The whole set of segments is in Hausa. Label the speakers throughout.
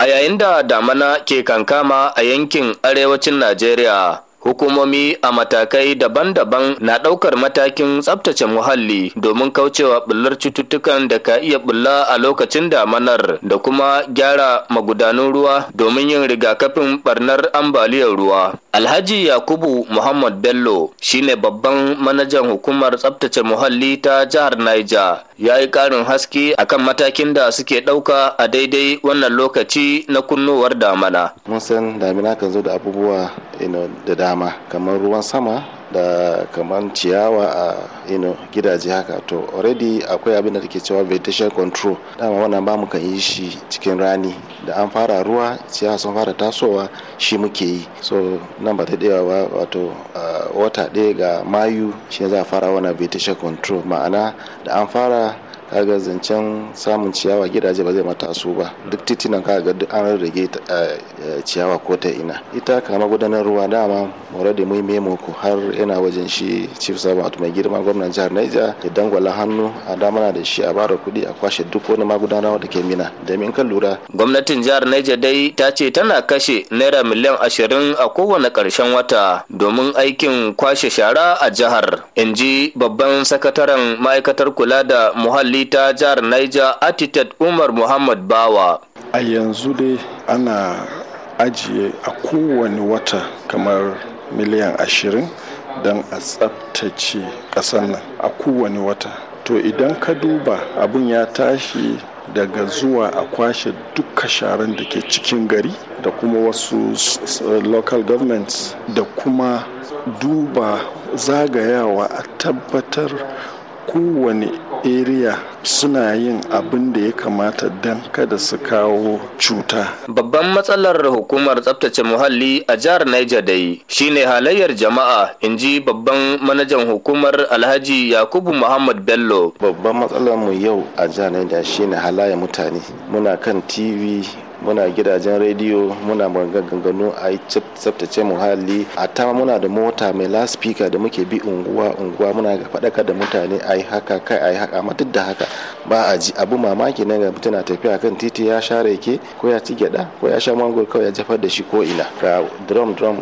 Speaker 1: A yayin da damana ke kankama a yankin arewacin Najeriya, hukumomi a matakai daban-daban na ɗaukar matakin tsabtace muhalli domin kaucewa bullar cututtukan da ka iya bulla a lokacin damanar da kuma gyara magudanun ruwa domin yin rigakafin ɓarnar ambaliyar ruwa. Alhaji Yakubu Muhammad Bello shine babban manajan hukumar tsabtace muhalli ta jihar Niger ya yi ƙarin haske akan matakin da suke ɗauka a daidai wannan lokaci na kunnowar damana.
Speaker 2: Mun san damina kan zo da abubuwa da dama kamar ruwan sama da kamar ciyawa a gidaje haka to already akwai abin da take cewa vegetation control dama wannan ba mu kan yi shi cikin rani da an fara ruwa ciyawa sun fara tasowa shi muke yi so nan ba ta daya ba wato wata daya ga mayu shi za a fara wannan vegetation control ma'ana da an fara kaga zancen samun ciyawa gidaje ba zai mataso ba duk titinan kaga duk an rage ciyawa ko ta ina ita kama gudanar ruwa dama more da muhimmi muku har yana wajen shi chief servant mai girma gwamnan jihar Niger da dangwala hannu a damana da shi a bara kuɗi a kwashe duk wani magudanar da ke mina domin kan lura
Speaker 1: gwamnatin jihar Niger dai ta ce tana kashe naira miliyan ashirin a kowane karshen wata domin aikin kwashe shara a jihar in ji babban sakataren ma'aikatar kula da muhalli hankali ta jihar Niger Atitet Umar Muhammad Bawa. A yanzu dai
Speaker 3: ana ajiye a kowane wata kamar miliyan ashirin don a tsabtace ƙasar nan a kowane wata. To idan ka duba abun ya tashi daga zuwa a kwashe duka sharan da ke cikin gari da kuma wasu local governments da kuma duba zagayawa a tabbatar kowane area suna yin abin da ya kamata don kada su kawo cuta.
Speaker 1: Babban matsalar hukumar tsabtace muhalli a jihar Niger dai shine halayyar jama'a in ji babban manajan hukumar Alhaji Yakubu Muhammad Bello. Babban
Speaker 2: matsalar mu yau a jihar Niger shine halayyar mutane. Muna kan TV muna gidajen rediyo muna ganganu a yi tsaftace muhalli a ta muna da mota mai laspika da muke bi unguwa unguwa muna faɗaka da mutane a yi haka kai a yi haka amma duk da haka ba a ji abu mamaki na ga tana tafiya kan titi ya sha rake ko ya ci gyada ko ya sha mangoro kawai ya jafar da shi ko ina ga drum drum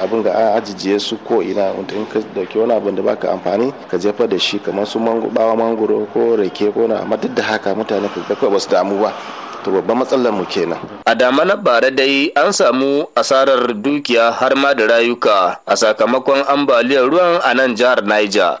Speaker 2: abin ga ajiye su ko ina wanda in ka dauki wani abin da baka amfani ka jefar da shi kamar su bawa mangoro ko rake ko na amma duk da haka mutane ka kawai ba damu ba to babban matsalar mu kenan.
Speaker 1: A dama na bara dai an samu asarar dukiya har ma da rayuka a sakamakon ambaliyar ruwan a nan jihar Niger.